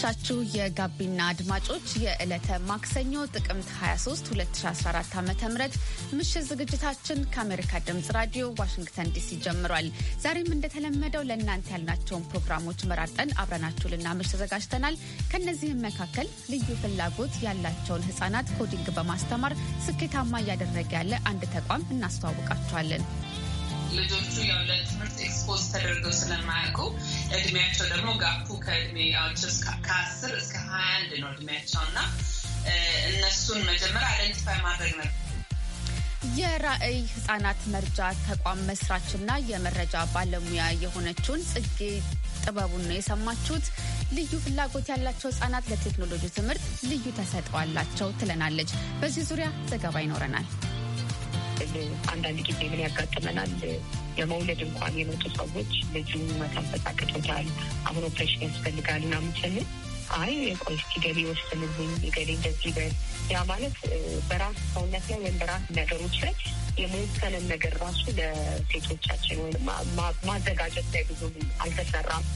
እንደምናመሻችሁ የጋቢና አድማጮች የዕለተ ማክሰኞ ጥቅምት 23 2014 ዓ ም ምሽት ዝግጅታችን ከአሜሪካ ድምፅ ራዲዮ ዋሽንግተን ዲሲ ጀምሯል። ዛሬም እንደተለመደው ለእናንተ ያልናቸውን ፕሮግራሞች መራርጠን አብረናችሁ ልናመሽ ተዘጋጅተናል። ከእነዚህም መካከል ልዩ ፍላጎት ያላቸውን ህጻናት ኮዲንግ በማስተማር ስኬታማ እያደረገ ያለ አንድ ተቋም እናስተዋውቃችኋለን። ልጆቹ ያው ለትምህርት ኤክስፖዝ ተደርገው ስለማያውቁ እድሜያቸው ደግሞ ጋፑ ከእድሜያቸው ከአስር እስከ ሀያ አንድ ነው እድሜያቸው እና እነሱን መጀመሪያ አይደንቲፋይ ማድረግ ነበር። የራእይ ህጻናት መርጃ ተቋም መስራችና የመረጃ ባለሙያ የሆነችውን ጽጌ ጥበቡን ነው የሰማችሁት። ልዩ ፍላጎት ያላቸው ህጻናት ለቴክኖሎጂ ትምህርት ልዩ ተሰጥኦ አላቸው ትለናለች። በዚህ ዙሪያ ዘገባ ይኖረናል። ስትል አንዳንድ ጊዜ ምን ያጋጥመናል? የመውለድ እንኳን የመጡ ሰዎች ልጁ መተንፈስ አቅቶታል፣ አሁን ኦፕሬሽን ያስፈልጋል ምናምን ስንል አይ ቆይ እስኪ ገሌ ወስንልኝ፣ ገሌ እንደዚህ በል። ያ ማለት በራስ ሰውነት ላይ ወይም በራስ ነገሮች ላይ የመወሰንን ነገር ራሱ ለሴቶቻችን ወይም ማዘጋጀት ላይ ብዙ አልተሰራም።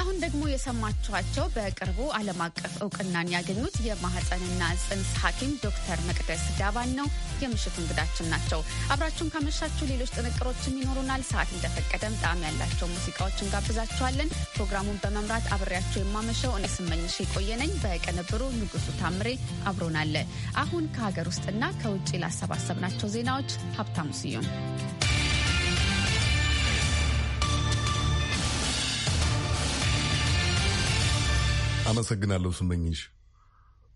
አሁን ደግሞ የሰማችኋቸው በቅርቡ ዓለም አቀፍ እውቅናን ያገኙት የማህፀንና ጽንስ ሐኪም ዶክተር መቅደስ ዳባን ነው። የምሽቱ እንግዳችን ናቸው። አብራችሁን ካመሻችሁ ሌሎች ጥንቅሮችም ይኖሩናል። ሰዓት እንደፈቀደም ጣዕም ያላቸው ሙዚቃዎች እንጋብዛችኋለን። ፕሮግራሙን በመምራት አብሬያቸው የማመሸው እኔ ስመኝሽ የቆየነኝ፣ በቅንብሩ ንጉሱ ታምሬ አብሮናለ። አሁን ከሀገር ውስጥና ከውጭ ላሰባሰብናቸው ዜናዎች ሀብታሙ ስዩም አመሰግናለሁ ስመኝሽ።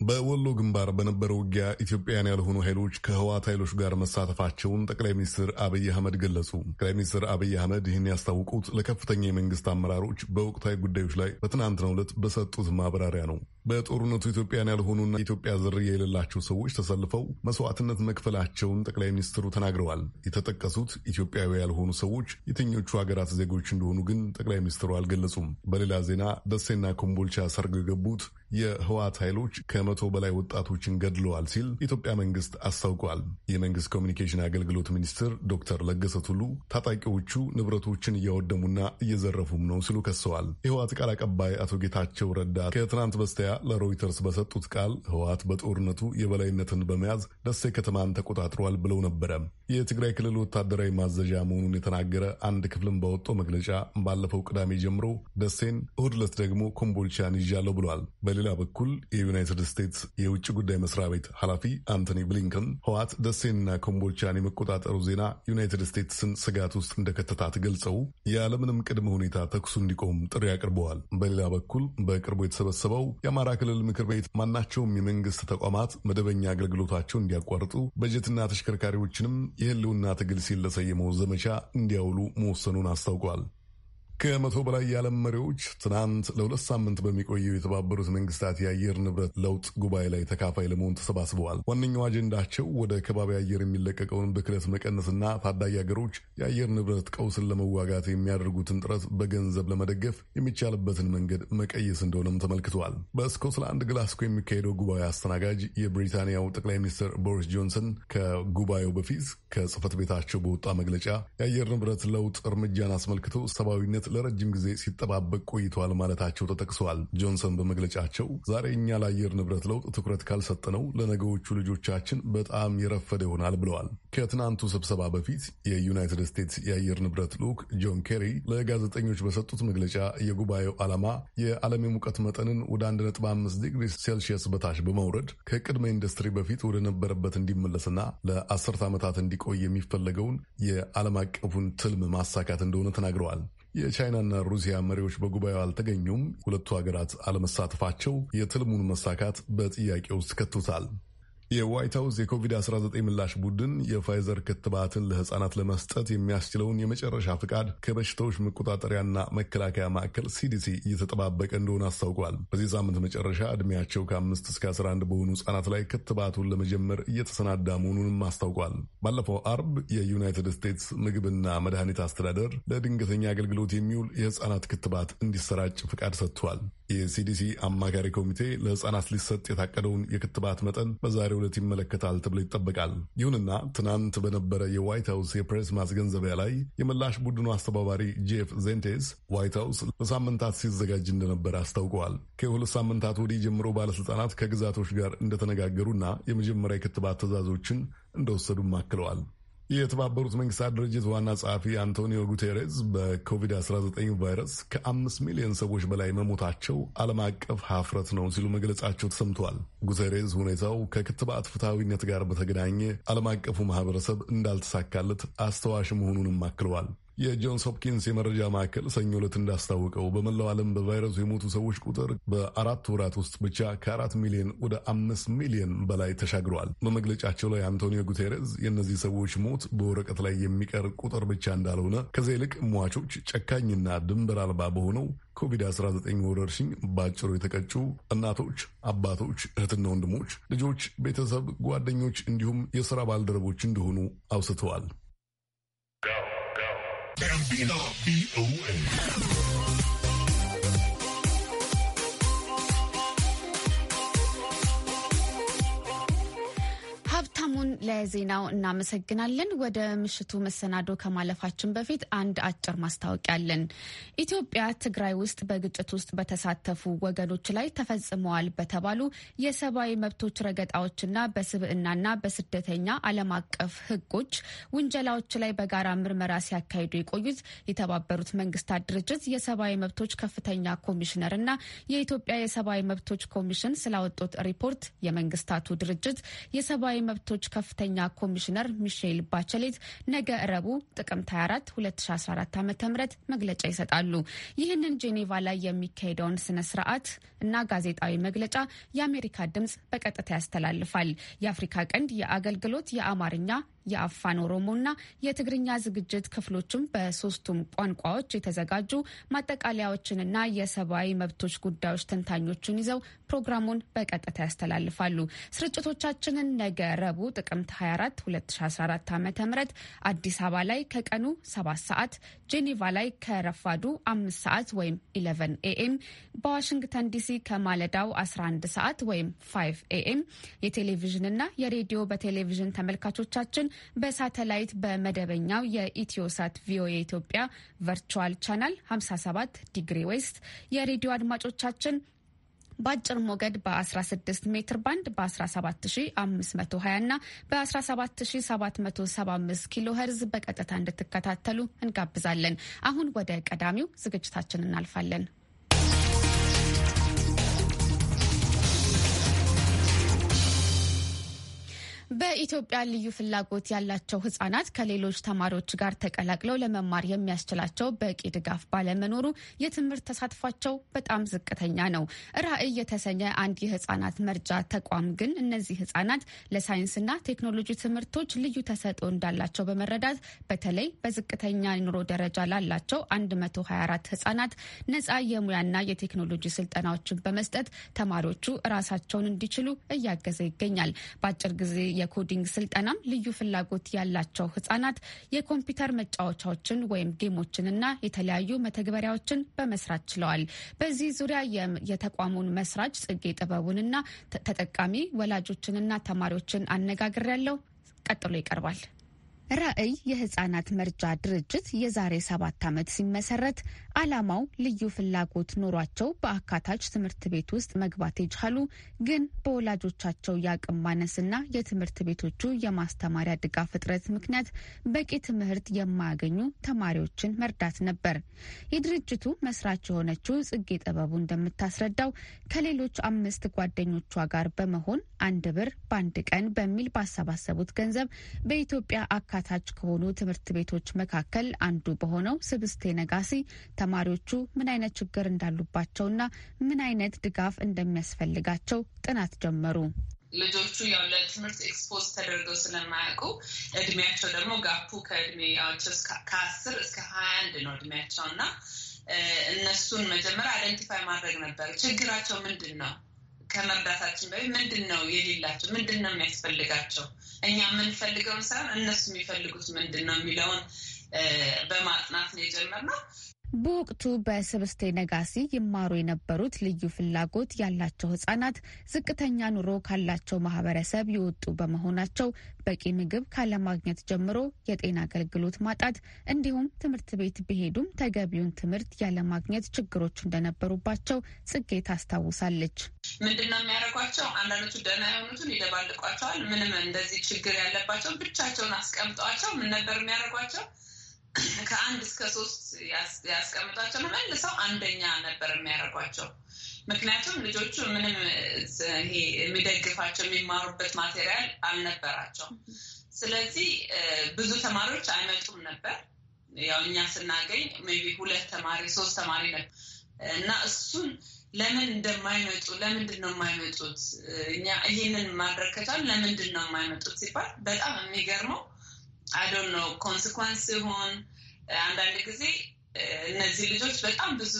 በወሎ ግንባር በነበረው ውጊያ ኢትዮጵያን ያልሆኑ ኃይሎች ከህዋት ኃይሎች ጋር መሳተፋቸውን ጠቅላይ ሚኒስትር አብይ አህመድ ገለጹ። ጠቅላይ ሚኒስትር አብይ አህመድ ይህን ያስታውቁት ለከፍተኛ የመንግስት አመራሮች በወቅታዊ ጉዳዮች ላይ በትናንትናው ዕለት በሰጡት ማብራሪያ ነው። በጦርነቱ ኢትዮጵያን ያልሆኑና ኢትዮጵያ ዝርያ የሌላቸው ሰዎች ተሰልፈው መስዋዕትነት መክፈላቸውን ጠቅላይ ሚኒስትሩ ተናግረዋል። የተጠቀሱት ኢትዮጵያዊ ያልሆኑ ሰዎች የትኞቹ ሀገራት ዜጎች እንደሆኑ ግን ጠቅላይ ሚኒስትሩ አልገለጹም። በሌላ ዜና ደሴና ኮምቦልቻ ሰርገው የገቡት የህወሓት ኃይሎች ከመቶ በላይ ወጣቶችን ገድለዋል ሲል የኢትዮጵያ መንግስት አስታውቋል። የመንግስት ኮሚኒኬሽን አገልግሎት ሚኒስትር ዶክተር ለገሰ ቱሉ ታጣቂዎቹ ንብረቶችን እያወደሙና እየዘረፉም ነው ሲሉ ከሰዋል። የህወሓት ቃል አቀባይ አቶ ጌታቸው ረዳ ከትናንት በስቲያ መምሪያ ለሮይተርስ በሰጡት ቃል ህወሓት በጦርነቱ የበላይነትን በመያዝ ደሴ ከተማን ተቆጣጥሯል ብለው ነበረ። የትግራይ ክልል ወታደራዊ ማዘዣ መሆኑን የተናገረ አንድ ክፍልም በወጣው መግለጫ ባለፈው ቅዳሜ ጀምሮ ደሴን፣ እሁድ ዕለት ደግሞ ኮምቦልቻን ይዣለሁ ብሏል። በሌላ በኩል የዩናይትድ ስቴትስ የውጭ ጉዳይ መስሪያ ቤት ኃላፊ አንቶኒ ብሊንከን ህወሓት ደሴንና ኮምቦልቻን የመቆጣጠሩ ዜና ዩናይትድ ስቴትስን ስጋት ውስጥ እንደከተታት ገልጸው ያለምንም ቅድመ ሁኔታ ተኩሱ እንዲቆም ጥሪ አቅርበዋል። በሌላ በኩል በቅርቡ የተሰበሰበው የአማራ ክልል ምክር ቤት ማናቸውም የመንግስት ተቋማት መደበኛ አገልግሎታቸው እንዲያቋርጡ በጀትና ተሽከርካሪዎችንም የህልውና ትግል ሲል ለሰየመው ዘመቻ እንዲያውሉ መወሰኑን አስታውቋል። ከመቶ በላይ የዓለም መሪዎች ትናንት ለሁለት ሳምንት በሚቆየው የተባበሩት መንግስታት የአየር ንብረት ለውጥ ጉባኤ ላይ ተካፋይ ለመሆን ተሰባስበዋል። ዋነኛው አጀንዳቸው ወደ ከባቢ አየር የሚለቀቀውን ብክለት መቀነስና ታዳጊ ሀገሮች የአየር ንብረት ቀውስን ለመዋጋት የሚያደርጉትን ጥረት በገንዘብ ለመደገፍ የሚቻልበትን መንገድ መቀየስ እንደሆነም ተመልክተዋል። በስኮትላንድ ግላስኮ የሚካሄደው ጉባኤ አስተናጋጅ የብሪታንያው ጠቅላይ ሚኒስትር ቦሪስ ጆንሰን ከጉባኤው በፊት ከጽህፈት ቤታቸው በወጣ መግለጫ የአየር ንብረት ለውጥ እርምጃን አስመልክቶ ሰብአዊነት ለረጅም ጊዜ ሲጠባበቅ ቆይተዋል ማለታቸው ተጠቅሰዋል። ጆንሰን በመግለጫቸው ዛሬ እኛ ለአየር ንብረት ለውጥ ትኩረት ካልሰጠነው ለነገዎቹ ልጆቻችን በጣም የረፈደ ይሆናል ብለዋል። ከትናንቱ ስብሰባ በፊት የዩናይትድ ስቴትስ የአየር ንብረት ልዑክ ጆን ኬሪ ለጋዜጠኞች በሰጡት መግለጫ የጉባኤው ዓላማ የዓለም የሙቀት መጠንን ወደ 1.5 ዲግሪ ሴልሺየስ በታች በማውረድ ከቅድመ ኢንዱስትሪ በፊት ወደ ነበረበት እንዲመለስና ለአስርት ዓመታት እንዲቆይ የሚፈለገውን የዓለም አቀፉን ትልም ማሳካት እንደሆነ ተናግረዋል። የቻይናና ሩሲያ መሪዎች በጉባኤው አልተገኙም። ሁለቱ ሀገራት አለመሳተፋቸው የትልሙን መሳካት በጥያቄ ውስጥ ከቶታል። የዋይት ሀውስ የኮቪድ-19 ምላሽ ቡድን የፋይዘር ክትባትን ለህጻናት ለመስጠት የሚያስችለውን የመጨረሻ ፍቃድ ከበሽታዎች መቆጣጠሪያና መከላከያ ማዕከል ሲዲሲ እየተጠባበቀ እንደሆነ አስታውቋል። በዚህ ሳምንት መጨረሻ ዕድሜያቸው ከአምስት እስከ 11 በሆኑ ህጻናት ላይ ክትባቱን ለመጀመር እየተሰናዳ መሆኑንም አስታውቋል። ባለፈው አርብ የዩናይትድ ስቴትስ ምግብና መድኃኒት አስተዳደር ለድንገተኛ አገልግሎት የሚውል የህጻናት ክትባት እንዲሰራጭ ፍቃድ ሰጥቷል። የሲዲሲ አማካሪ ኮሚቴ ለህጻናት ሊሰጥ የታቀደውን የክትባት መጠን በዛሬው ዕለት ይመለከታል ተብሎ ይጠበቃል። ይሁንና ትናንት በነበረ የዋይት ሀውስ የፕሬስ ማስገንዘቢያ ላይ የምላሽ ቡድኑ አስተባባሪ ጄፍ ዜንቴስ ዋይት ሀውስ ለሳምንታት ሲዘጋጅ እንደነበረ አስታውቀዋል። ከሁለት ሳምንታት ወዲህ ጀምሮ ባለስልጣናት ከግዛቶች ጋር እንደተነጋገሩና የመጀመሪያ የክትባት ትዕዛዞችን እንደወሰዱም አክለዋል። የተባበሩት መንግስታት ድርጅት ዋና ጸሐፊ አንቶኒዮ ጉቴሬዝ በኮቪድ-19 ቫይረስ ከአምስት ሚሊዮን ሰዎች በላይ መሞታቸው ዓለም አቀፍ ሀፍረት ነው ሲሉ መግለጻቸው ተሰምተዋል። ጉቴሬዝ ሁኔታው ከክትባት ፍትሐዊነት ጋር በተገናኘ ዓለም አቀፉ ማህበረሰብ እንዳልተሳካለት አስተዋሽ መሆኑንም አክለዋል። የጆንስ ሆፕኪንስ የመረጃ ማዕከል ሰኞ ዕለት እንዳስታወቀው በመላው ዓለም በቫይረሱ የሞቱ ሰዎች ቁጥር በአራት ወራት ውስጥ ብቻ ከአራት ሚሊዮን ወደ አምስት ሚሊዮን በላይ ተሻግረዋል። በመግለጫቸው ላይ አንቶኒዮ ጉቴሬዝ የእነዚህ ሰዎች ሞት በወረቀት ላይ የሚቀር ቁጥር ብቻ እንዳልሆነ ከዚያ ይልቅ ሟቾች ጨካኝና ድንበር አልባ በሆነው ኮቪድ-19 ወረርሽኝ በአጭሩ የተቀጩ እናቶች፣ አባቶች፣ እህትና ወንድሞች፣ ልጆች፣ ቤተሰብ፣ ጓደኞች እንዲሁም የሥራ ባልደረቦች እንደሆኑ አውስተዋል። Bambino B-O-A. Have Tamun. ለዜናው እናመሰግናለን። ወደ ምሽቱ መሰናዶ ከማለፋችን በፊት አንድ አጭር ማስታወቂያ አለን። ኢትዮጵያ ትግራይ ውስጥ በግጭት ውስጥ በተሳተፉ ወገኖች ላይ ተፈጽመዋል በተባሉ የሰብአዊ መብቶች ረገጣዎችና በስብዕናና በስደተኛ ዓለም አቀፍ ሕጎች ውንጀላዎች ላይ በጋራ ምርመራ ሲያካሂዱ የቆዩት የተባበሩት መንግስታት ድርጅት የሰብአዊ መብቶች ከፍተኛ ኮሚሽነር እና የኢትዮጵያ የሰብአዊ መብቶች ኮሚሽን ስላወጡት ሪፖርት የመንግስታቱ ድርጅት የሰብአዊ መብቶች ከፍ ከፍተኛ ኮሚሽነር ሚሼል ባቸሌት ነገ ረቡ ጥቅምት 24 2014 ዓ ም መግለጫ ይሰጣሉ። ይህንን ጄኔቫ ላይ የሚካሄደውን ስነ ስርዓት እና ጋዜጣዊ መግለጫ የአሜሪካ ድምጽ በቀጥታ ያስተላልፋል። የአፍሪካ ቀንድ የአገልግሎት የአማርኛ የአፋን ኦሮሞና የትግርኛ ዝግጅት ክፍሎችም በሶስቱም ቋንቋዎች የተዘጋጁ ማጠቃለያዎችንና የሰብአዊ መብቶች ጉዳዮች ተንታኞችን ይዘው ፕሮግራሙን በቀጥታ ያስተላልፋሉ። ስርጭቶቻችንን ነገ ረቡዕ ጥቅምት 24 2014 ዓ ም አዲስ አበባ ላይ ከቀኑ 7 ሰዓት፣ ጄኔቫ ላይ ከረፋዱ 5 ሰዓት ወይም 11 ኤኤም፣ በዋሽንግተን ዲሲ ከማለዳው 11 ሰዓት ወይም 5 ኤኤም የቴሌቪዥንና የሬዲዮ በቴሌቪዥን ተመልካቾቻችን በሳተላይት በመደበኛው የኢትዮሳት ቪኦኤ ኢትዮጵያ ቨርቹዋል ቻናል 57 ዲግሪ ዌስት የሬዲዮ አድማጮቻችን በአጭር ሞገድ በ16 ሜትር ባንድ በ17520 እና በ17775 ኪሎ ሄርዝ በቀጥታ እንድትከታተሉ እንጋብዛለን። አሁን ወደ ቀዳሚው ዝግጅታችን እናልፋለን። በኢትዮጵያ ልዩ ፍላጎት ያላቸው ህጻናት ከሌሎች ተማሪዎች ጋር ተቀላቅለው ለመማር የሚያስችላቸው በቂ ድጋፍ ባለመኖሩ የትምህርት ተሳትፏቸው በጣም ዝቅተኛ ነው። ራዕይ የተሰኘ አንድ የህጻናት መርጃ ተቋም ግን እነዚህ ህጻናት ለሳይንስና ቴክኖሎጂ ትምህርቶች ልዩ ተሰጥኦ እንዳላቸው በመረዳት በተለይ በዝቅተኛ ኑሮ ደረጃ ላላቸው 124 ህጻናት ነጻ የሙያና የቴክኖሎጂ ስልጠናዎችን በመስጠት ተማሪዎቹ ራሳቸውን እንዲችሉ እያገዘ ይገኛል። በአጭር ጊዜ የኮዲንግ ስልጠናም ልዩ ፍላጎት ያላቸው ህጻናት የኮምፒውተር መጫወቻዎችን ወይም ጌሞችንና የተለያዩ መተግበሪያዎችን በመስራት ችለዋል። በዚህ ዙሪያ የተቋሙን መስራች ጽጌ ጥበቡንና ተጠቃሚ ወላጆችንና ተማሪዎችን አነጋግሬያለሁ። ቀጥሎ ይቀርባል። ራዕይ የህጻናት መርጃ ድርጅት የዛሬ ሰባት ዓመት ሲመሰረት ዓላማው ልዩ ፍላጎት ኖሯቸው በአካታች ትምህርት ቤት ውስጥ መግባት የቻሉ ግን በወላጆቻቸው የአቅም ማነስና የትምህርት ቤቶቹ የማስተማሪያ ድጋፍ እጥረት ምክንያት በቂ ትምህርት የማያገኙ ተማሪዎችን መርዳት ነበር። የድርጅቱ መስራች የሆነችው ጽጌ ጥበቡ እንደምታስረዳው ከሌሎች አምስት ጓደኞቿ ጋር በመሆን አንድ ብር በአንድ ቀን በሚል ባሰባሰቡት ገንዘብ በኢትዮጵያ አካ በታች ከሆኑ ትምህርት ቤቶች መካከል አንዱ በሆነው ስብስቴ ነጋሲ ተማሪዎቹ ምን አይነት ችግር እንዳሉባቸውና ምን አይነት ድጋፍ እንደሚያስፈልጋቸው ጥናት ጀመሩ። ልጆቹ ያው ለትምህርት ኤክስፖዝ ተደርገው ስለማያውቁ እድሜያቸው ደግሞ ጋፑ ከእድሜያቸው ከአስር እስከ ሀያ አንድ ነው እድሜያቸው እና እነሱን መጀመሪያ አይደንቲፋይ ማድረግ ነበር። ችግራቸው ምንድን ነው? ከመርዳታችን በፊት ምንድን ነው የሌላቸው፣ ምንድን ነው የሚያስፈልጋቸው፣ እኛ የምንፈልገውን ሳይሆን እነሱ የሚፈልጉት ምንድን ነው የሚለውን በማጥናት ነው የጀመርነው። በወቅቱ በስብስቴ ነጋሲ ይማሩ የነበሩት ልዩ ፍላጎት ያላቸው ህጻናት ዝቅተኛ ኑሮ ካላቸው ማህበረሰብ የወጡ በመሆናቸው በቂ ምግብ ካለማግኘት ጀምሮ የጤና አገልግሎት ማጣት እንዲሁም ትምህርት ቤት ቢሄዱም ተገቢውን ትምህርት ያለማግኘት ችግሮች እንደነበሩባቸው ጽጌ ታስታውሳለች። ምንድነው የሚያደርጓቸው? አንዳንዶቹ ደህና የሆኑትን ይደባልቋቸዋል። ምንም እንደዚህ ችግር ያለባቸው ብቻቸውን አስቀምጠዋቸው ምን ነበር የሚያደርጓቸው? ከአንድ እስከ ሶስት ያስቀምጧቸው መልሰው አንደኛ ነበር የሚያደርጓቸው። ምክንያቱም ልጆቹ ምንም ይሄ የሚደግፋቸው የሚማሩበት ማቴሪያል አልነበራቸውም። ስለዚህ ብዙ ተማሪዎች አይመጡም ነበር። ያው እኛ ስናገኝ ሜይ ቢ ሁለት ተማሪ ሶስት ተማሪ ነበር እና እሱን ለምን እንደማይመጡ ለምንድን ነው የማይመጡት? እኛ ይህንን ማድረግ ከቻሉ ለምንድን ነው የማይመጡት ሲባል በጣም የሚገርመው አይዶን ነው ኮንስኳንስ ሲሆን አንዳንድ ጊዜ እነዚህ ልጆች በጣም ብዙ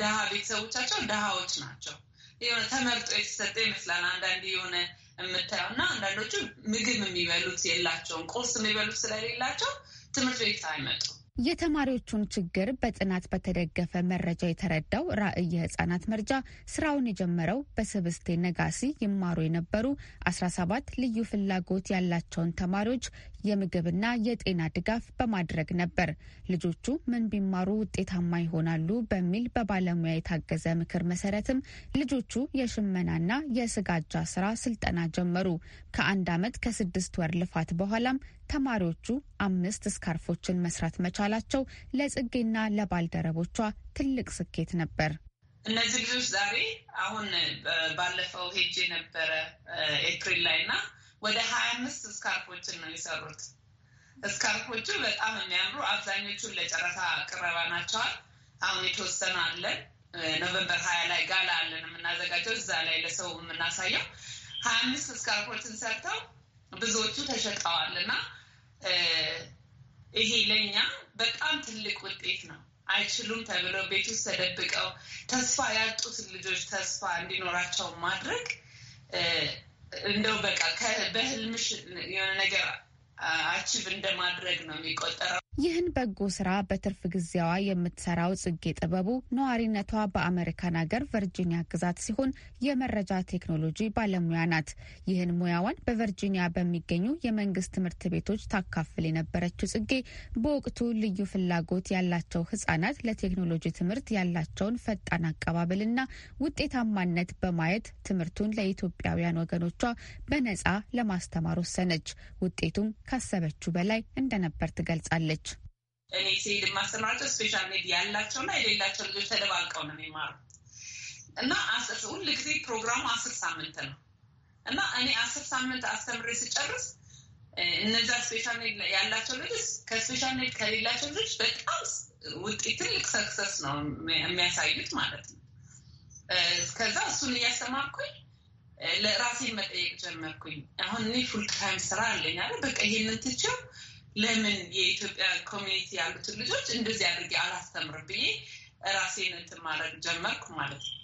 ድሃ ቤተሰቦቻቸው ድሃዎች ናቸው። የሆነ ተመርጦ የተሰጠ ይመስላል አንዳንድ የሆነ የምታየው እና አንዳንዶቹ ምግብ የሚበሉት የላቸውም። ቁርስ የሚበሉት ስለሌላቸው ትምህርት ቤት አይመጡ። የተማሪዎቹን ችግር በጥናት በተደገፈ መረጃ የተረዳው ራዕይ ህጻናት መርጃ ስራውን የጀመረው በስብስቴ ነጋሲ ይማሩ የነበሩ 17 ልዩ ፍላጎት ያላቸውን ተማሪዎች የምግብና የጤና ድጋፍ በማድረግ ነበር። ልጆቹ ምን ቢማሩ ውጤታማ ይሆናሉ በሚል በባለሙያ የታገዘ ምክር መሰረትም ልጆቹ የሽመናና የስጋጃ ስራ ስልጠና ጀመሩ። ከአንድ ዓመት ከስድስት ወር ልፋት በኋላም ተማሪዎቹ አምስት ስካርፎችን መስራት መቻላቸው ለጽጌና ለባልደረቦቿ ትልቅ ስኬት ነበር። እነዚህ ልጆች ዛሬ አሁን ባለፈው ሄጄ ነበረ ኤፕሪል ላይ ና ወደ ሀያ አምስት ስካርፎችን ነው የሰሩት። ስካርፎቹ በጣም የሚያምሩ አብዛኞቹን ለጨረታ ቅረባ ናቸዋል። አሁን የተወሰነ አለን። ኖቨምበር ሀያ ላይ ጋላ አለን የምናዘጋጀው እዛ ላይ ለሰው የምናሳየው ሀያ አምስት ስካርፎችን ሰርተው ብዙዎቹ ተሸጠዋል እና ይሄ ለእኛ በጣም ትልቅ ውጤት ነው። አይችሉም ተብለው ቤት ውስጥ ተደብቀው ተስፋ ያጡት ልጆች ተስፋ እንዲኖራቸው ማድረግ እንደው በቃ በህልምሽ የሆነ ነገር አቺቭ እንደማድረግ ነው የሚቆጠረው ይህን በጎ ስራ በትርፍ ጊዜዋ የምትሰራው ጽጌ ጥበቡ ነዋሪነቷ በአሜሪካን ሀገር ቨርጂኒያ ግዛት ሲሆን የመረጃ ቴክኖሎጂ ባለሙያ ናት። ይህን ሙያዋን በቨርጂኒያ በሚገኙ የመንግስት ትምህርት ቤቶች ታካፍል የነበረችው ጽጌ በወቅቱ ልዩ ፍላጎት ያላቸው ህጻናት ለቴክኖሎጂ ትምህርት ያላቸውን ፈጣን አቀባበልና ውጤታማነት በማየት ትምህርቱን ለኢትዮጵያውያን ወገኖቿ በነጻ ለማስተማር ወሰነች። ውጤቱም ካሰበችው በላይ እንደነበር ትገልጻለች። እኔ ሲሄድ የማስተምራቸው ስፔሻል ኔድ ያላቸው እና የሌላቸው ልጆች ተደባልቀው ነው የሚማሩ እና ሁል ጊዜ ፕሮግራሙ አስር ሳምንት ነው እና እኔ አስር ሳምንት አስተምሬ ስጨርስ እነዛ ስፔሻል ኔድ ያላቸው ልጆች ከስፔሻል ኔድ ከሌላቸው ልጆች በጣም ውጤት ትልቅ ሰክሰስ ነው የሚያሳዩት ማለት ነው። ከዛ እሱን እያስተማርኩኝ ለራሴን መጠየቅ ጀመርኩኝ። አሁን እኔ ፉልታይም ስራ አለኝ አለ በቃ ይሄንን ትቼው ለምን የኢትዮጵያ ኮሚኒቲ ያሉትን ልጆች እንደዚህ አድርጌ አላስተምር ብዬ ራሴን እንትን ማድረግ ጀመርኩ ማለት ነው።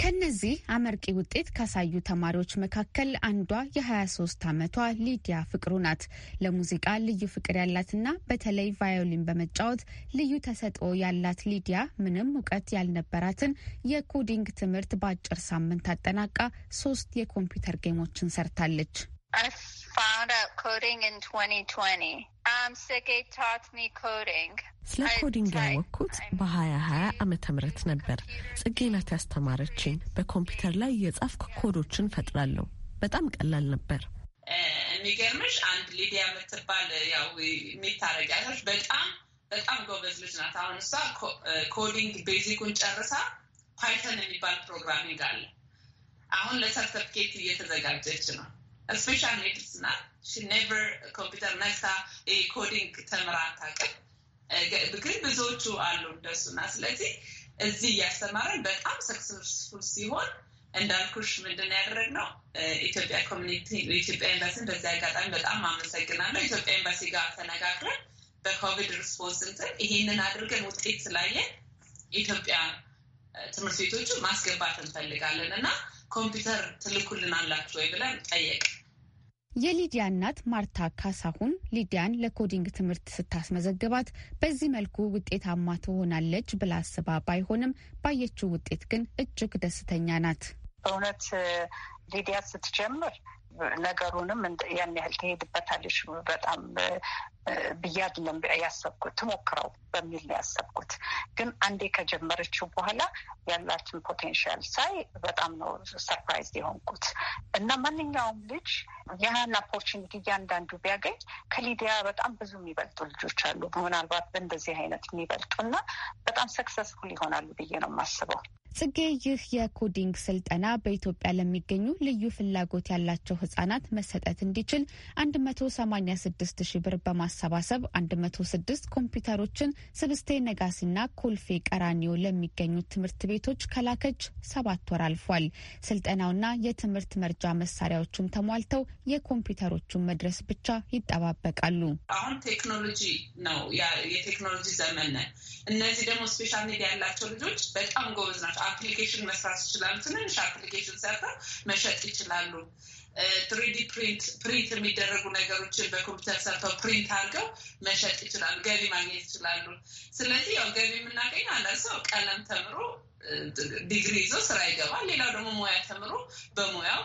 ከነዚህ አመርቂ ውጤት ካሳዩ ተማሪዎች መካከል አንዷ የ23 ዓመቷ ሊዲያ ፍቅሩ ናት። ለሙዚቃ ልዩ ፍቅር ያላትና በተለይ ቫዮሊን በመጫወት ልዩ ተሰጥኦ ያላት ሊዲያ ምንም እውቀት ያልነበራትን የኮዲንግ ትምህርት በአጭር ሳምንት አጠናቃ ሶስት የኮምፒውተር ጌሞችን ሰርታለች። I found out coding in 2020. Um, Sergey taught me coding. ስለ ኮዲንግ ያወቅኩት በ2020 ዓመተ ምህረት ነበር። ጽጌ ናት ያስተማረችኝ። በኮምፒውተር ላይ የጻፍኩ ኮዶችን ፈጥራለሁ። በጣም ቀላል ነበር። የሚገርምሽ አንድ ሊዲያ የምትባል ያው የሚታረጊያቶች በጣም በጣም ጎበዝ ልጅ ናት። አሁን እሷ ኮዲንግ ቤዚኩን ጨርሳ ፓይተን የሚባል ፕሮግራሚንግ አለ። አሁን ለሰርተፍኬት እየተዘጋጀች ነው ስፔሻል ኔድስ ናት። ኔቨር ኮምፒውተር ነክታ ኮዲንግ ተምራ አታውቅም። eh, ግን ብዙዎቹ አሉ እንደሱና ስለዚህ እዚህ እያስተማረን በጣም ሰክሰስፉል ሲሆን እንዳልኩሽ ምንድን ያደረግነው eh, ኢትዮጵያ ኮሚኒቲ ኢትዮጵያ ኤምባሲን በዚህ አጋጣሚ በጣም አመሰግናለሁ። ኢትዮጵያ ኤምባሲ ጋር ተነጋግረን በኮቪድ ሪስፖንስ እንትን ይህንን አድርገን ውጤት ስላየን ኢትዮጵያ eh, ትምህርት ቤቶቹ ማስገባት እንፈልጋለን እና ኮምፒውተር ትልኩልን አላችሁ ወይ ብለን ጠየቅ የሊዲያ እናት ማርታ ካሳሁን ሊዲያን ለኮዲንግ ትምህርት ስታስመዘግባት በዚህ መልኩ ውጤታማ ትሆናለች ብላ አስባ ባይሆንም ባየችው ውጤት ግን እጅግ ደስተኛ ናት። በእውነት ሊዲያ ስትጀምር ነገሩንም ያን ያህል ትሄድበታለች። በጣም ብያድለም ያሰብኩት ትሞክረው በሚል ነው ያሰብኩት። ግን አንዴ ከጀመረችው በኋላ ያላትን ፖቴንሻል ሳይ በጣም ነው ሰርፕራይዝ የሆንኩት እና ማንኛውም ልጅ ያህን ኦፖርቹኒቲ እያንዳንዱ ቢያገኝ ከሊዲያ በጣም ብዙ የሚበልጡ ልጆች አሉ። ምናልባት በእንደዚህ አይነት የሚበልጡ እና በጣም ሰክሰስፉል ይሆናሉ ብዬ ነው የማስበው። ጽጌ ይህ የኮዲንግ ስልጠና በኢትዮጵያ ለሚገኙ ልዩ ፍላጎት ያላቸው ህጻናት መሰጠት እንዲችል 186 ሺህ ብር በማ በማሰባሰብ 106 ኮምፒውተሮችን ስብስቴ ነጋሲና ኮልፌ ቀራኒዮ ለሚገኙት ትምህርት ቤቶች ከላከች ሰባት ወር አልፏል። ስልጠናውና የትምህርት መርጃ መሳሪያዎቹም ተሟልተው የኮምፒውተሮቹን መድረስ ብቻ ይጠባበቃሉ። አሁን ቴክኖሎጂ ነው፣ የቴክኖሎጂ ዘመን ነን። እነዚህ ደግሞ ስፔሻል ኒድ ያላቸው ልጆች በጣም ጎበዝ ናቸው። አፕሊኬሽን መስራት ይችላሉ። ትንንሽ አፕሊኬሽን ሰርተው መሸጥ ይችላሉ። ትሪዲ ፕሪንት ፕሪንት የሚደረጉ ነገሮችን በኮምፒውተር ሰርተው ፕሪንት አድርገው መሸጥ ይችላሉ፣ ገቢ ማግኘት ይችላሉ። ስለዚህ ያው ገቢ የምናገኘው አንዳንድ ሰው ቀለም ተምሮ ዲግሪ ይዞ ስራ ይገባል። ሌላው ደግሞ ሙያ ተምሮ በሙያው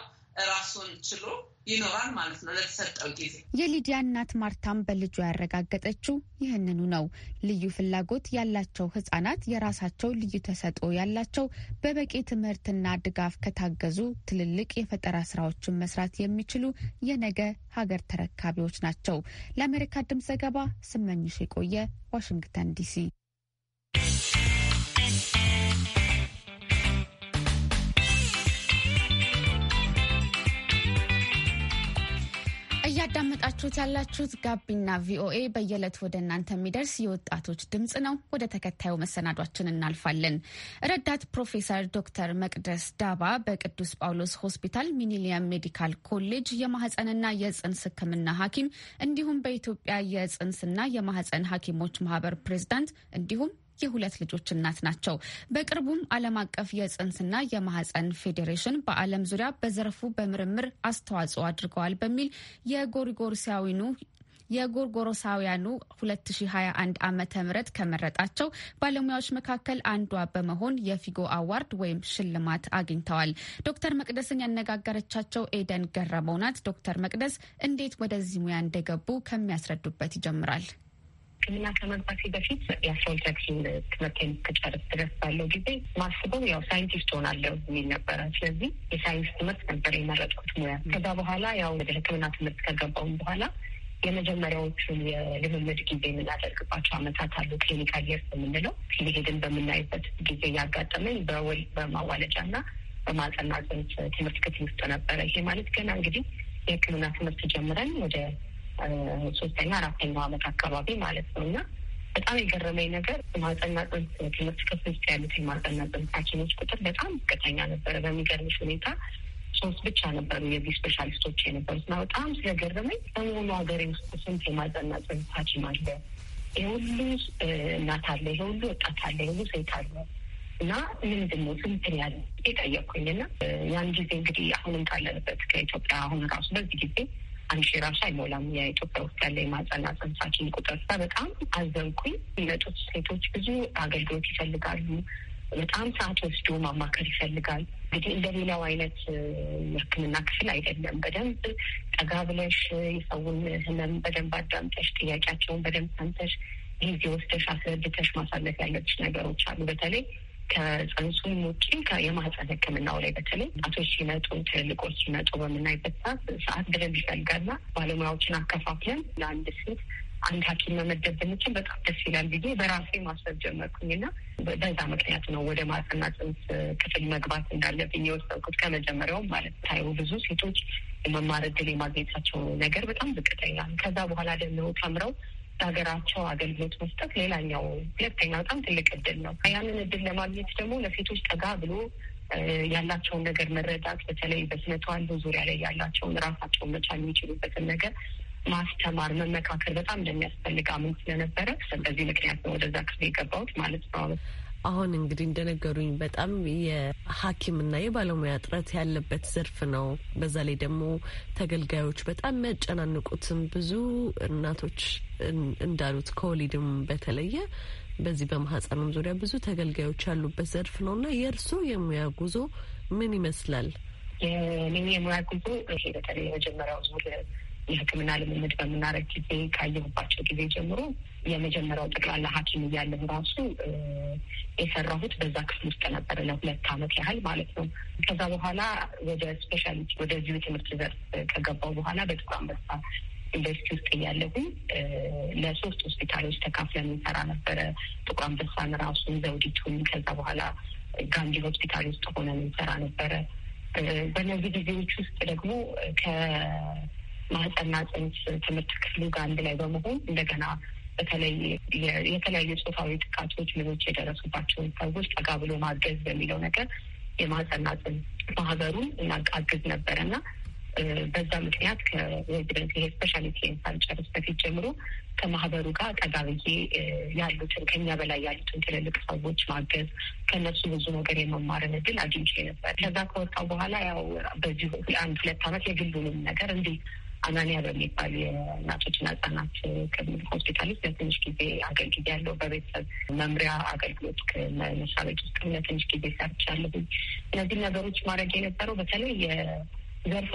ራሱን ችሎ ይኖራል ማለት ነው ለተሰጠው ጊዜ። የሊዲያ እናት ማርታም በልጁ ያረጋገጠችው ይህንኑ ነው። ልዩ ፍላጎት ያላቸው ህጻናት የራሳቸው ልዩ ተሰጥኦ ያላቸው በበቂ ትምህርትና ድጋፍ ከታገዙ ትልልቅ የፈጠራ ስራዎችን መስራት የሚችሉ የነገ ሀገር ተረካቢዎች ናቸው። ለአሜሪካ ድምፅ ዘገባ ስመኝሽ የቆየ ዋሽንግተን ዲሲ። እያዳመጣችሁት ያላችሁት ጋቢና ቪኦኤ በየዕለት ወደ እናንተ የሚደርስ የወጣቶች ድምፅ ነው። ወደ ተከታዩ መሰናዷችን እናልፋለን። ረዳት ፕሮፌሰር ዶክተር መቅደስ ዳባ በቅዱስ ጳውሎስ ሆስፒታል ሚኒሊየም ሜዲካል ኮሌጅ የማህፀንና የጽንስ ሕክምና ሐኪም እንዲሁም በኢትዮጵያ የጽንስና የማህፀን ሐኪሞች ማህበር ፕሬዝዳንት እንዲሁም የሁለት ልጆች እናት ናቸው። በቅርቡም ዓለም አቀፍ የጽንስና የማህፀን ፌዴሬሽን በዓለም ዙሪያ በዘርፉ በምርምር አስተዋጽኦ አድርገዋል በሚል የጎሪጎርሲያዊኑ የጎርጎሮሳውያኑ 2021 ዓ ም ከመረጣቸው ባለሙያዎች መካከል አንዷ በመሆን የፊጎ አዋርድ ወይም ሽልማት አግኝተዋል። ዶክተር መቅደስን ያነጋገረቻቸው ኤደን ገረመው ናት። ዶክተር መቅደስ እንዴት ወደዚህ ሙያ እንደገቡ ከሚያስረዱበት ይጀምራል። ሕክምና ከመግባቴ በፊት የአስራ ሁለተኛ ትምህርቴን ክጨርስ ድረስ ባለው ጊዜ ማስበው ያው ሳይንቲስት ሆናለሁ የሚል ነበረ። ስለዚህ የሳይንስ ትምህርት ነበር የመረጥኩት ሙያ። ከዛ በኋላ ያው ወደ ሕክምና ትምህርት ከገባውም በኋላ የመጀመሪያዎቹን የልምምድ ጊዜ የምናደርግባቸው አመታት አሉ። ክሊኒካል የርስ የምንለው ሊሄድን በምናይበት ጊዜ ያጋጠመኝ በወል በማዋለጃና በማህጸንና ጽንስ ትምህርት ክፍል ውስጥ ነበረ። ይሄ ማለት ገና እንግዲህ የህክምና ትምህርት ጀምረን ወደ ሶስተኛ አራተኛው ዓመት አካባቢ ማለት ነው እና በጣም የገረመኝ ነገር ማህጸንና ጽንስ ትምህርት ክፍል ውስጥ ያሉት የማህጸንና ጽንስ ሐኪሞች ቁጥር በጣም ዝቅተኛ ነበረ። በሚገርምሽ ሁኔታ ሶስት ብቻ ነበሩ የዚህ ስፔሻሊስቶች የነበሩት እና በጣም ስለገረመኝ በመሆኑ ሀገሬ ውስጥ ስንት የማህጸንና ጽንስ ሐኪም አለ? የሁሉ እናት አለ፣ የሁሉ ወጣት አለ፣ የሁሉ ሴት አለ እና ምንድን ነው ስንትን ያለ የጠየቅኩኝ እና ያን ጊዜ እንግዲህ አሁንም ካለንበት ከኢትዮጵያ አሁን ራሱ በዚህ ጊዜ አንድ ሺህ ራሱ አይሞላም። የኢትዮጵያ ውስጥ ያለ የማጸና ጽንስ ሐኪም ቁጥር በጣም አዘንኩኝ። የሚመጡት ሴቶች ብዙ አገልግሎት ይፈልጋሉ። በጣም ሰዓት ወስዶ ማማከር ይፈልጋል። እንግዲህ እንደ ሌላው አይነት ሕክምና ክፍል አይደለም። በደንብ ጠጋ ብለሽ የሰውን ህመም በደንብ አዳምጠሽ፣ ጥያቄያቸውን በደንብ ሰምተሽ፣ ጊዜ ወስደሽ አስረድተሽ ማሳለፍ ያለብሽ ነገሮች አሉ። በተለይ ከጽንሱም ውጪም የማህፀን ሕክምናው ላይ በተለይ አቶ ሲመጡ ትልልቆች ሲመጡ በምናይበት ሰዓት ሰዓት ድረብ ይፈልጋልና ባለሙያዎችን አከፋፍለን ለአንድ ሴት አንድ ሐኪም መመደብ ብንችል በጣም ደስ ይላል ጊዜ በራሴ ማሰብ ጀመርኩኝ ጀመርኩኝና በዛ ምክንያት ነው ወደ ማህፀንና ጽንስ ክፍል መግባት እንዳለብኝ የወሰንኩት ከመጀመሪያውም ማለት ታዩ ብዙ ሴቶች የመማር እድል የማግኘታቸው ነገር በጣም ዝቅተኛ ከዛ በኋላ ደግሞ ተምረው ለሀገራቸው አገልግሎት መስጠት ሌላኛው ሁለተኛ በጣም ትልቅ እድል ነው። ያንን እድል ለማግኘት ደግሞ ለሴቶች ጠጋ ብሎ ያላቸውን ነገር መረዳት፣ በተለይ በስነ ተዋልዶ ዙሪያ ላይ ያላቸውን ራሳቸውን መቻል የሚችሉበትን ነገር ማስተማር፣ መመካከል በጣም እንደሚያስፈልግ አምን ስለነበረ በዚህ ምክንያት ነው ወደዛ ክፍል የገባሁት ማለት ነው። አሁን እንግዲህ እንደነገሩኝ በጣም የሐኪምና የባለሙያ እጥረት ያለበት ዘርፍ ነው። በዛ ላይ ደግሞ ተገልጋዮች በጣም የሚያጨናንቁትም ብዙ እናቶች እንዳሉት ከወሊድም በተለየ በዚህ በማህፀኑም ዙሪያ ብዙ ተገልጋዮች ያሉበት ዘርፍ ነው እና የእርሶ የሙያ ጉዞ ምን ይመስላል? የሙያ ጉዞ ይሄ በተለይ የመጀመሪያው ዙር የሕክምና ልምምድ በምናደረግ ጊዜ ካየሁባቸው ጊዜ ጀምሮ የመጀመሪያው ጠቅላላ ሐኪም እያለሁ ራሱ የሰራሁት በዛ ክፍል ውስጥ ነበር ለሁለት አመት ያህል ማለት ነው። ከዛ በኋላ ወደ ስፔሻሊቲ ወደዚሁ ትምህርት ዘርፍ ከገባው በኋላ በጥቁር አንበሳ ዩኒቨርሲቲ ውስጥ እያለሁኝ ለሶስት ሆስፒታሎች ተካፍለን እንሰራ ነበረ። ጥቁር አንበሳን ራሱን፣ ዘውዲቱን ከዛ በኋላ ጋንዲ ሆስፒታል ውስጥ ሆነን እንሰራ ነበረ። በእነዚህ ጊዜዎች ውስጥ ደግሞ ማህፀንና ጽንስ ትምህርት ክፍሉ ጋር አንድ ላይ በመሆን እንደገና በተለይ የተለያዩ ጾታዊ ጥቃቶች ልጆች የደረሱባቸውን ሰዎች ጠጋ ብሎ ማገዝ በሚለው ነገር የማህፀንና ጽንስ ማህበሩን እናግዝ ነበረ እና በዛ ምክንያት ከሬዚደንት ይሄ ስፔሻሊቲ ሳልጨርስ በፊት ጀምሮ ከማህበሩ ጋር ጠጋ ብዬ ያሉትን ከኛ በላይ ያሉትን ትልልቅ ሰዎች ማገዝ ከእነሱ ብዙ ነገር የመማርን እድል አግኝቼ ነበር። ከዛ ከወጣው በኋላ ያው በዚሁ አንድ ሁለት ዓመት የግሉንም ነገር እንዲህ አማንያ በሚባል የእናቶችና ህጻናት ክሊኒክ ሆስፒታል ውስጥ ለትንሽ ጊዜ ያለው በቤተሰብ መምሪያ አገልግሎት መስሪያ ቤት ውስጥ ለትንሽ ጊዜ ሰርቻለሁኝ። እነዚህ ነገሮች ማድረግ የነበረው በተለይ ዘርፉ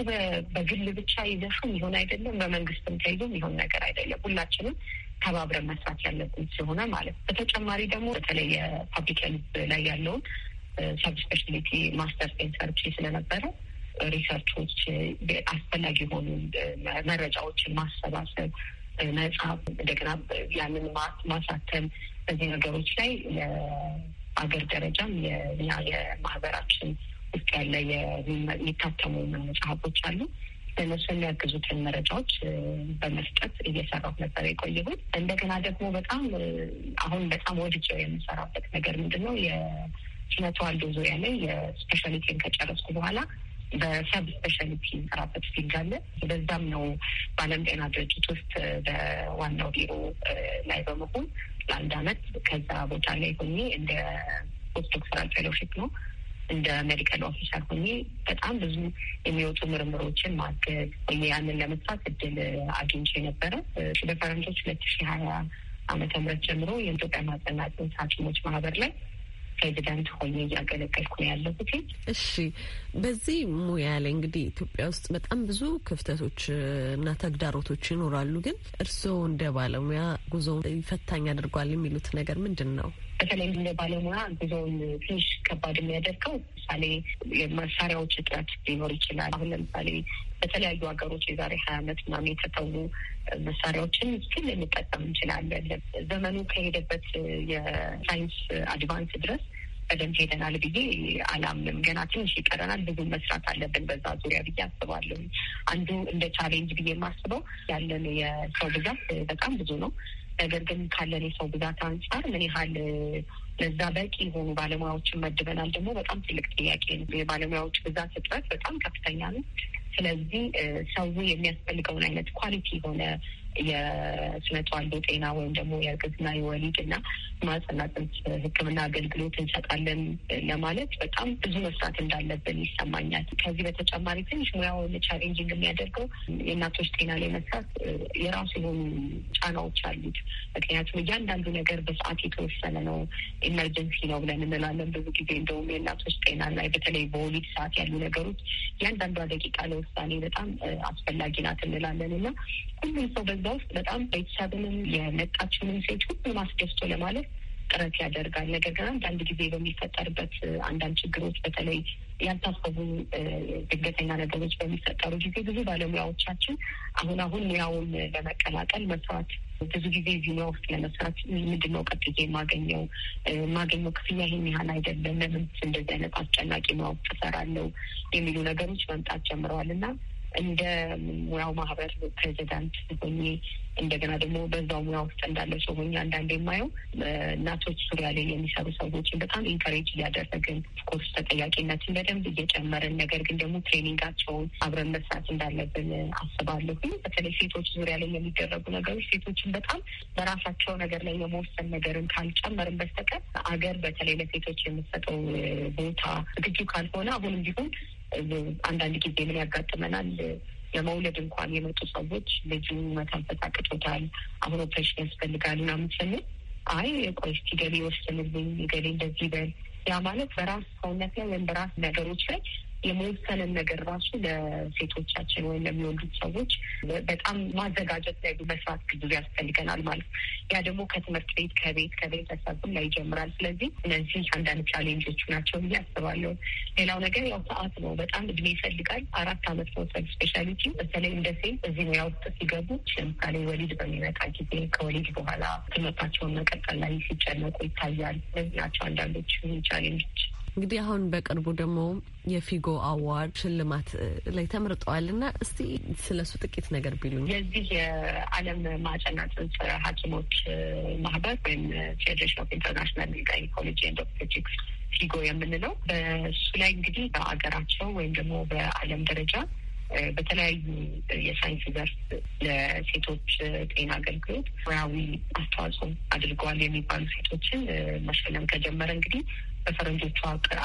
በግል ብቻ ይዘፉ ይሆን አይደለም፣ በመንግስትም ተይዞ ይሆን ነገር አይደለም። ሁላችንም ተባብረን መስራት ያለብን ስለሆነ ማለት ነው። በተጨማሪ ደግሞ በተለይ የፓብሊክ ሄልዝ ላይ ያለውን ሰብስፔሻሊቲ ማስተር ሴንተር ስለነበረ ሪሰርቾች፣ አስፈላጊ የሆኑ መረጃዎችን ማሰባሰብ፣ መጽሐፍ እንደገና ያንን ማሳተም በዚህ ነገሮች ላይ የአገር ደረጃም የኛ የማህበራችን ውስጥ ያለ የሚታተሙ መጽሐፎች አሉ። በነሱ የሚያግዙትን መረጃዎች በመስጠት እየሰራሁ ነበር የቆየሁት። እንደገና ደግሞ በጣም አሁን በጣም ወድጀው የምሰራበት ነገር ምንድን ነው? የስነ ተዋልዶ ዙሪያ ላይ የስፔሻሊቲን ከጨረስኩ በኋላ በሰብ ስፔሻሊቲ የሚሰራበት ፊልድ አለ። በዛም ነው በዓለም ጤና ድርጅት ውስጥ በዋናው ቢሮ ላይ በመሆን ለአንድ አመት ከዛ ቦታ ላይ ሆኜ እንደ ፖስትዶክተራል ፌሎሺፕ ነው እንደ ሜዲካል ኦፊሰር ሆኜ በጣም ብዙ የሚወጡ ምርምሮችን ማገዝ ወይ ያንን ለመስራት እድል አግኝቼ ነበረ። በፈረንጆች ሁለት ሺ ሀያ አመተ ምህረት ጀምሮ የኢትዮጵያ ማህጸንና ሐኪሞች ማህበር ላይ ፕሬዚዳንት ሆኜ እያገለገልኩ ነው ያለሁት። እሺ፣ በዚህ ሙያ ላይ እንግዲህ ኢትዮጵያ ውስጥ በጣም ብዙ ክፍተቶች እና ተግዳሮቶች ይኖራሉ። ግን እርስዎ እንደ ባለሙያ ጉዞ ፈታኝ አድርጓል የሚሉት ነገር ምንድን ነው? በተለይ እንደ ባለሙያ ጉዞውን ትንሽ ከባድ የሚያደርገው ምሳሌ የመሳሪያዎች እጥረት ሊኖር ይችላል። አሁን ለምሳሌ በተለያዩ ሀገሮች የዛሬ ሀያ ዓመት ምናምን የተተዉ መሳሪያዎችን ስል ልንጠቀም እንችላለን። ዘመኑ ከሄደበት የሳይንስ አድቫንስ ድረስ በደንብ ሄደናል ብዬ አላምንም። ገና ትንሽ ይቀረናል፣ ብዙ መስራት አለብን በዛ ዙሪያ ብዬ አስባለሁ። አንዱ እንደ ቻሌንጅ ብዬ የማስበው ያለን የሰው ብዛት በጣም ብዙ ነው። ነገር ግን ካለን የሰው ብዛት አንጻር ምን ያህል ለዛ በቂ የሆኑ ባለሙያዎችን መድበናል ደግሞ በጣም ትልቅ ጥያቄ ነው። የባለሙያዎች ብዛት እጥረት በጣም ከፍተኛ ነው። ስለዚህ ሰው የሚያስፈልገውን አይነት ኳሊቲ የሆነ የስነ ተዋልዶ ጤና ወይም ደግሞ የእርግዝና የወሊድ እና ማህጸንና ጽንስ ሕክምና አገልግሎት እንሰጣለን ለማለት በጣም ብዙ መስራት እንዳለብን ይሰማኛል። ከዚህ በተጨማሪ ትንሽ ሙያውን ቻሌንጂንግ የሚያደርገው የእናቶች ጤና ላይ መስራት የራሱ የሆኑ ጫናዎች አሉት። ምክንያቱም እያንዳንዱ ነገር በሰዓት የተወሰነ ነው። ኢመርጀንሲ ነው ብለን እንላለን ብዙ ጊዜ። እንደውም የእናቶች ጤና ላይ በተለይ በወሊድ ሰዓት ያሉ ነገሮች እያንዳንዷ ደቂቃ ለውሳኔ በጣም አስፈላጊ ናት እንላለን እና ሁሉም ሰው እዛ ውስጥ በጣም ቤተሰብንም የመጣችውንም ሴት ሁሉ አስደስቶ ለማለት ጥረት ያደርጋል። ነገር ግን አንዳንድ ጊዜ በሚፈጠርበት አንዳንድ ችግሮች በተለይ ያልታሰቡ ድንገተኛ ነገሮች በሚፈጠሩ ጊዜ ብዙ ባለሙያዎቻችን አሁን አሁን ሙያውን ለመቀላቀል መስራት ብዙ ጊዜ እዚህ ሙያ ውስጥ ለመስራት ምንድን ነው ቀጥዬ የማገኘው የማገኘው ክፍያ ይህን ያህል አይደለም፣ ለምን እንደዚህ አይነት አስጨናቂ ሙያ ውስጥ እሰራለሁ የሚሉ ነገሮች መምጣት ጀምረዋል እና እንደ ሙያው ማህበር ፕሬዚዳንት ሆኜ እንደገና ደግሞ በዛው ሙያ ውስጥ እንዳለ ሰው ሆኜ አንዳንድ የማየው እናቶች ዙሪያ ላይ የሚሰሩ ሰዎችን በጣም ኢንካሬጅ እያደረግን ኮርስ ተጠያቂነትን በደንብ እየጨመርን ነገር ግን ደግሞ ትሬኒንጋቸውን አብረን መስራት እንዳለብን አስባለሁ። በተለይ ሴቶች ዙሪያ ላይ የሚደረጉ ነገሮች ሴቶችን በጣም በራሳቸው ነገር ላይ የመወሰን ነገርን ካልጨመርን በስተቀር አገር በተለይ ለሴቶች የምሰጠው ቦታ ዝግጁ ካልሆነ አሁንም ቢሆን አንዳንድ ጊዜ ምን ያጋጥመናል ለመውለድ እንኳን የመጡ ሰዎች ልጁ መተንፈስ አቅቶታል፣ አሁን ኦፕሬሽን ያስፈልጋል ምናምን ስንል አይ ቆይ እስኪ ገሌ ወስንልኝ ገሌ እንደዚህ በል ያ ማለት በራስ ሰውነት ላይ ወይም በራስ ነገሮች ላይ የመወሰንን ነገር ራሱ ለሴቶቻችን ወይም ለሚወልዱት ሰዎች በጣም ማዘጋጀት ላይ መስራት ብዙ ያስፈልገናል ማለት ያ ደግሞ ከትምህርት ቤት ከቤት ከቤተሰብም ላይ ይጀምራል። ስለዚህ እነዚህ አንዳንድ ቻሌንጆቹ ናቸው ብዬ አስባለሁ። ሌላው ነገር ያው ሰዓት ነው። በጣም እድሜ ይፈልጋል። አራት አመት መውሰድ ስፔሻሊቲ በተለይ እንደ ሴት እዚህ ሙያ ውስጥ ሲገቡ ለምሳሌ ወሊድ በሚመጣ ጊዜ ከወሊድ በኋላ ትምህርታቸውን መቀጠል ላይ ሲጨነቁ ይታያል። እነዚህ ናቸው አንዳንዶች ቻሌንጆች። እንግዲህ አሁን በቅርቡ ደግሞ የፊጎ አዋርድ ሽልማት ላይ ተመርጠዋል እና እስቲ ስለሱ ጥቂት ነገር ቢሉኝ። የዚህ የዓለም ማህጸንና ጽንስ ሐኪሞች ማህበር ወይም ፌዴሬሽን ኦፍ ኢንተርናሽናል ጋይናኮሎጂ ኤንድ ኦብስቴትሪክስ ፊጎ የምንለው በሱ ላይ እንግዲህ በአገራቸው ወይም ደግሞ በዓለም ደረጃ በተለያዩ የሳይንስ ዘርፍ ለሴቶች ጤና አገልግሎት ሙያዊ አስተዋጽኦ አድርገዋል የሚባሉ ሴቶችን መሸለም ከጀመረ እንግዲህ በፈረንጆቹ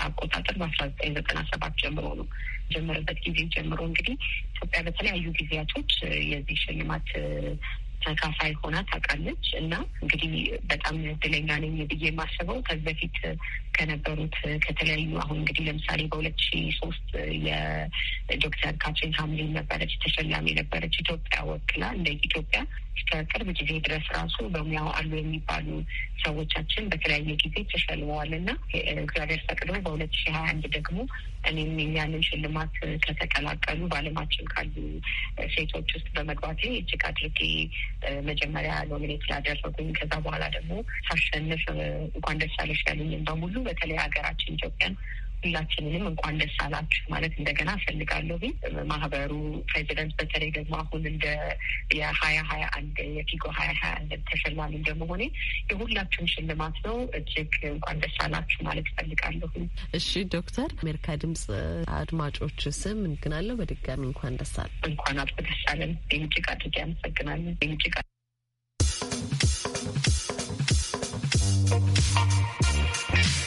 አቆጣጠር በአስራ ዘጠኝ ዘጠና ሰባት ጀምሮ ነው ጀመረበት ጊዜ ጀምሮ እንግዲህ ኢትዮጵያ በተለያዩ ጊዜያቶች የዚህ ሽልማት ተካፋይ ሆና ታውቃለች እና እንግዲህ በጣም እድለኛ ነኝ ብዬ የማስበው ከዚህ በፊት ከነበሩት ከተለያዩ አሁን እንግዲህ ለምሳሌ በሁለት ሺ ሶስት የዶክተር ካትሪን ሀምሊን ነበረች ተሸላሚ ነበረች ኢትዮጵያ ወክላ እንደ ኢትዮጵያ እስከ ቅርብ ጊዜ ድረስ ራሱ በሙያው አሉ የሚባሉ ሰዎቻችን በተለያየ ጊዜ ተሸልመዋል እና እግዚአብሔር ፈቅዶ በሁለት ሺህ ሀያ አንድ ደግሞ እኔም ያንን ሽልማት ከተቀላቀሉ በዓለማችን ካሉ ሴቶች ውስጥ በመግባቴ እጅግ አድርጌ መጀመሪያ ኖሚኔት ላደረጉኝ ከዛ በኋላ ደግሞ ሳሸንፍ እንኳን ደስ አለሽ ያሉኝም በሙሉ በተለይ ሀገራችን ኢትዮጵያን ሁላችንንም እንኳን ደስ አላችሁ ማለት እንደገና እፈልጋለሁ። ማህበሩ ፕሬዚደንት በተለይ ደግሞ አሁን እንደ የሀያ ሀያ አንድ የፊጎ ሀያ ሀያ አንድ ተሸላሚ እንደመሆኔ የሁላችሁም ሽልማት ነው። እጅግ እንኳን ደስ አላችሁ ማለት እፈልጋለሁ። እሺ ዶክተር አሜሪካ ድምጽ አድማጮች ስም እንግናለሁ በድጋሚ እንኳን ደስ አለ እንኳን አብ ደስ አለን። እጅግ አድርጌ አመሰግናለን። እጅግ Thank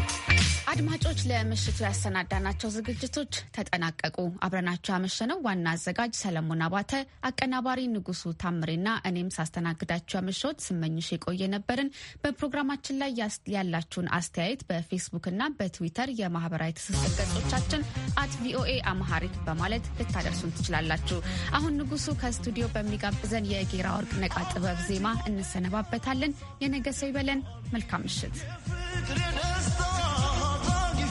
አድማጮች ለምሽቱ ያሰናዳናቸው ዝግጅቶች ተጠናቀቁ። አብረናቸው ያመሸነው ዋና አዘጋጅ ሰለሞን አባተ፣ አቀናባሪ ንጉሱ ታምሬና እኔም ሳስተናግዳቸው ያመሸሁት ስመኝሽ የቆየ ነበርን። በፕሮግራማችን ላይ ያላችሁን አስተያየት በፌስቡክና በትዊተር የማህበራዊ ትስስር ገጾቻችን አት ቪኦኤ አማሃሪክ በማለት ልታደርሱን ትችላላችሁ። አሁን ንጉሱ ከስቱዲዮ በሚጋብዘን የጌራ ወርቅ ነቃ ጥበብ ዜማ እንሰነባበታለን። የነገ ሰው ይበለን። መልካም ምሽት።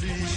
Andy.